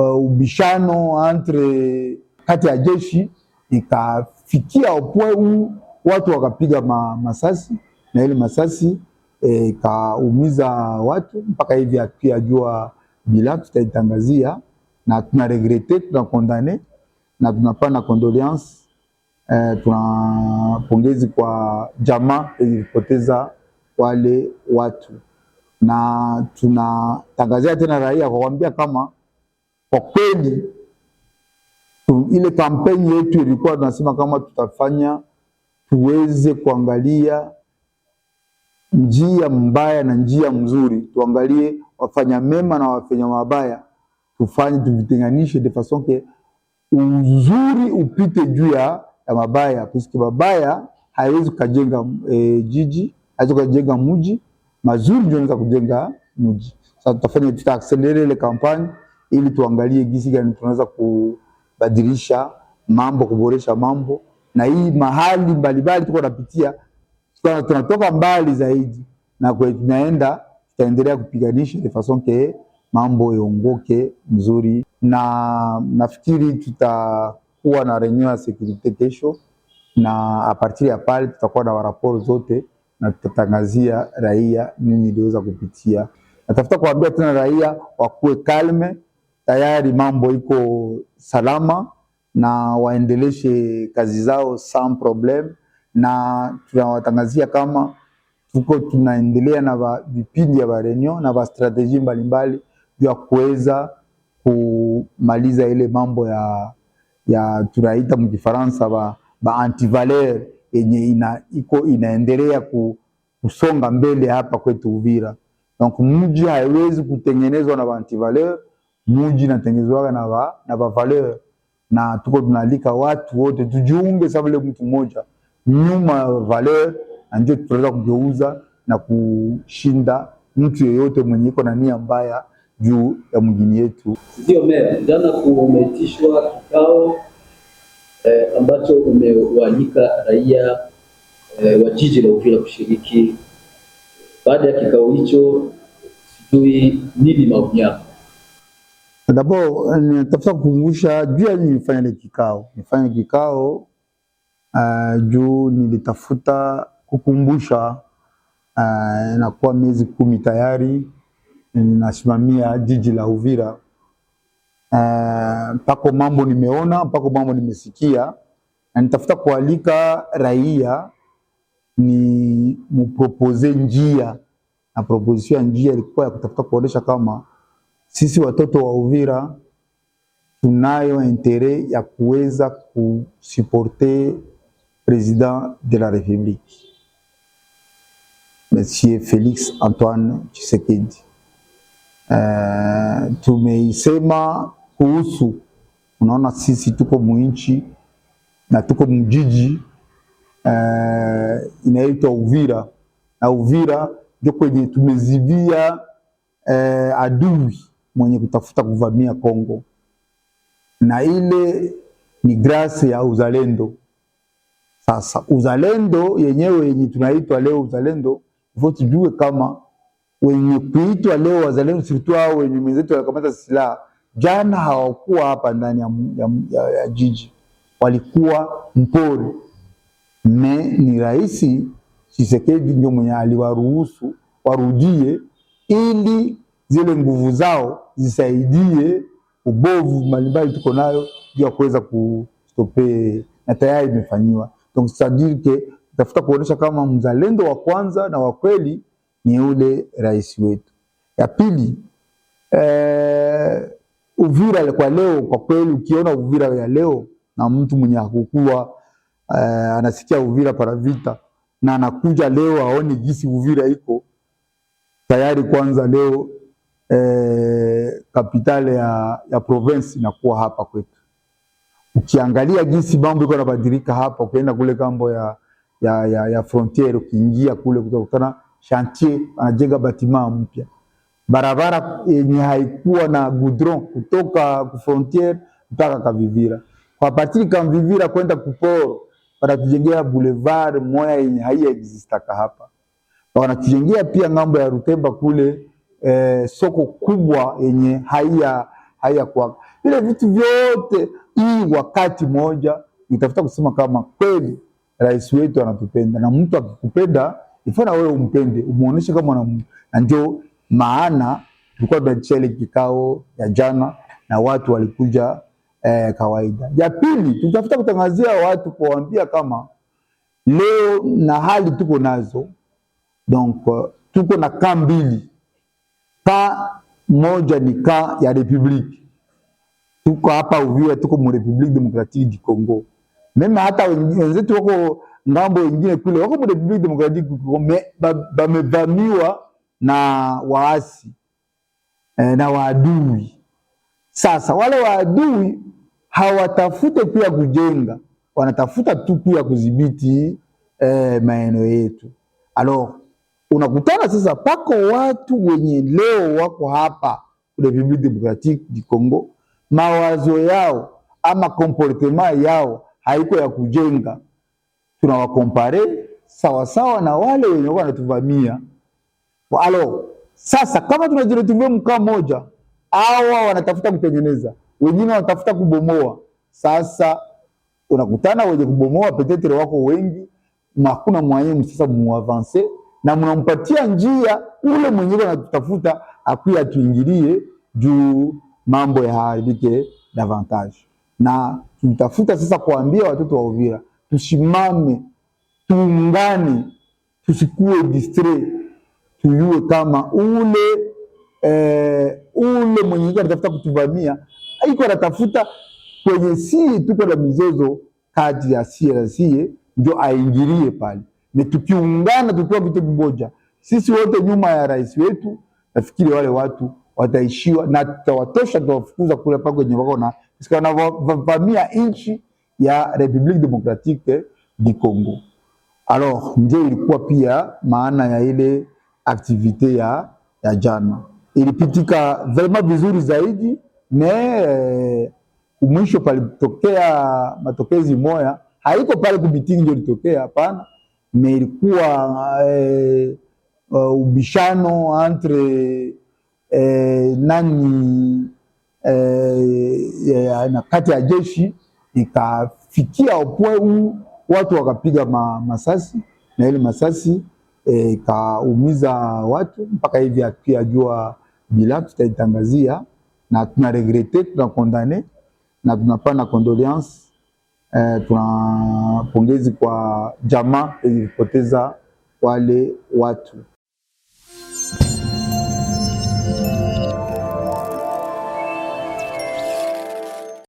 uh, ubishano entre kati ya jeshi ikafikia upweu, watu wakapiga ma, masasi na ile masasi eh, ikaumiza e, watu mpaka hivi hatujajua bila, tutaitangazia na tuna regrete, tuna kondane na tunapana condoleance e, eh, tuna pongezi kwa jamaa ilipoteza wale watu, na tunatangazia tena raia kwa kuambia kama kwa kweli ile kampeni yetu ilikuwa tunasema kama tutafanya tuweze kuangalia njia mbaya na njia mzuri, tuangalie wafanya mema na wafanya mabaya, tufanye tuvitenganishe, de façon que uzuri upite juu ya mabaya, puisque mabaya haiwezi kujenga e, jiji haiwezi kujenga mji, mazuri ndio kujenga mji. Sasa tutafanya, tutaakselere ile kampani ili tuangalie jinsi gani tunaweza kubadilisha mambo, kuboresha mambo, na hii mahali mbalimbali tuko napitia, tunatoka mbali zaidi na kwe tunaenda, tutaendelea kupiganisha de fason ke mambo yongoke mzuri, na nafikiri tutakuwa na renyo ya sekurite kesho, na partir ya pale tutakuwa na waraporo zote na tutatangazia raia nini iliweza kupitia. Natafuta kuambia tena raia wakuwe kalme tayari mambo iko salama na waendeleshe kazi zao sans problem, na tunawatangazia kama tuko tunaendelea na vipindi vya vareunion na vastrateji mbalimbali vya kuweza kumaliza ile mambo ya, ya tunaita mkifaransa ba, ba antivaleur yenye ina, iko inaendelea ku, kusonga mbele hapa kwetu Uvira. Donc mji haiwezi kutengenezwa na antivaleur muji natengezwaga na ba na ba valeur na tuko tunalika watu wote tujiunge, sababu ile mtu mmoja nyuma ya valeur, na tutaweza kugeuza na kushinda mtu yeyote mwenye iko na nia mbaya juu ya mjini yetu. Ndio mea jana kumeitishwa kikao eh, ambacho umewaalika raia eh, wa jiji la Uvira kushiriki. Baada ya kikao hicho, sijui nini maoni yako? D'abord, nitafuta kukumbusha juu ya nifanya ile kikao, nifanya kikao uh, juu nilitafuta kukumbusha uh, eh, nakuwa miezi kumi tayari ninasimamia jiji la Uvira eh, mpako pako mambo nimeona mpako mambo nimesikia, na nitafuta kualika raia ni mupropoze njia na proposition ya njia ilikuwa ya kutafuta kuonesha kama sisi watoto wa Uvira tunayo intere ya kuweza kusuporte president de la republique Monsieur Felix Antoine Tshisekedi. Uh, tumeisema kuhusu, unaona sisi tuko muinchi na tuko mjiji uh, inaitwa Uvira na Uvira ndio kwenye tumezivia uh, adui mwenye kutafuta kuvamia Kongo, na ile ni grasi ya uzalendo. Sasa uzalendo yenyewe yenye tunaitwa leo uzalendo, hivyo tujue kama wenye kuitwa leo wazalendo siritu au wenye mwenzetu walikamata silaha jana hawakuwa hapa ndani ya, ya, ya, ya jiji, walikuwa mpori me. Ni Rais Tshisekedi ndio mwenye aliwaruhusu warudie ili zile nguvu zao zisaidie ubovu mbalimbali tuko nayo juu ya kuweza kustope, na tayari imefanyiwa. Donc tafuta kuonesha kama mzalendo wa kwanza na wa kweli ni yule rais wetu. Ya pili eh, Uvira kwa leo, kwa kweli ukiona Uvira ya leo na mtu mwenye hakukuwa eh, anasikia Uvira paravita na anakuja leo aone jinsi Uvira iko tayari, kwanza leo Eh, kapitale eh, ya, ya province inakuwa hapa kwetu. Ukiangalia jinsi mambo iko yanabadilika hapa, ukienda kule kambo ya, ya, ya, ya frontiere, ukiingia kule kutakutana chantier anajenga batima mpya, barabara yenye haikuwa na goudron kutoka ku frontier mpaka Kavivira, kwa partir Kavivira kwenda kuporo wanatujengea boulevard moya yenye haiexistaka hapa, wanatujengea pia ngambo ya Rutemba kule eh, soko kubwa yenye haya haya kwa vile vitu vyote, hii wakati moja nitafuta kusema kama kweli rais wetu anatupenda, na mtu akikupenda ifaa na wewe umpende, umuoneshe kama na, Na ndio maana tulikuwa tunaitisha ile kikao ya jana na watu walikuja eh, kawaida. Ya pili tutafuta kutangazia watu kuwaambia kama leo na hali tuko nazo, donc tuko na kambi mbili Kaa moja ni kaa ya republiki, tuko hapa Uvira, tuko mu Republique Democratique du Congo. Meme hata wenzetu wako ngambo wengine kule wako mu Republique Democratique du Congo, bamevamiwa na waasi eh, na waadui. Sasa wale waadui hawatafute pia kujenga, wanatafuta tu pia kudhibiti eh, maeneo yetu alors unakutana sasa, pako watu wenye leo wako hapa Republique Democratique du Congo, mawazo yao ama comportement yao haiko ya kujenga, tunawakompare sawasawa na wale wenye wako wanatuvamia. Alo, sasa kama tunajiretuvia mkaa moja, hawa wanatafuta kutengeneza, wengine wanatafuta kubomoa. Sasa unakutana wenye kubomoa petetre wako wengi, na hakuna mwaye sasa muavanse na mnampatia njia ule mwenyewe anatutafuta akuye atuingilie juu mambo yaharibike davantage. Na tutafuta sasa kuambia watoto wa Uvira tusimame, tuungane, tusikue distre tuyue kama ule eh, ule mwenye anatafuta kutuvamia iko anatafuta kwenye sie tuko na mizozo kati ya sie na sie, ndio aingilie pale ni tukiungana, tukiwa kitu kimoja, sisi wote nyuma ya rais wetu, nafikiri wale watu wataishiwa na tutawatosha, tutawafukuza kule pako kwenye wako na wanavamia nchi ya Republique Democratique du Congo. Alors ndio ilikuwa pia maana ya ile aktivite ya, ya jana ilipitika vraiment vizuri zaidi me eh, umwisho palitokea matokezi moya haiko pale kubitingi ndio litokea hapana Melikuwa eh, uh, ubishano entre eh, nani eh, na kati ya jeshi ikafikia upwe huu, watu wakapiga ma, masasi na ile masasi eh, ikaumiza eh, watu mpaka hivi hatujajua bila, tutaitangazia na tuna regrete tuna kondane na tunapana condoleance eh, tuna pongezi kwa jamaa ilipoteza wale watu.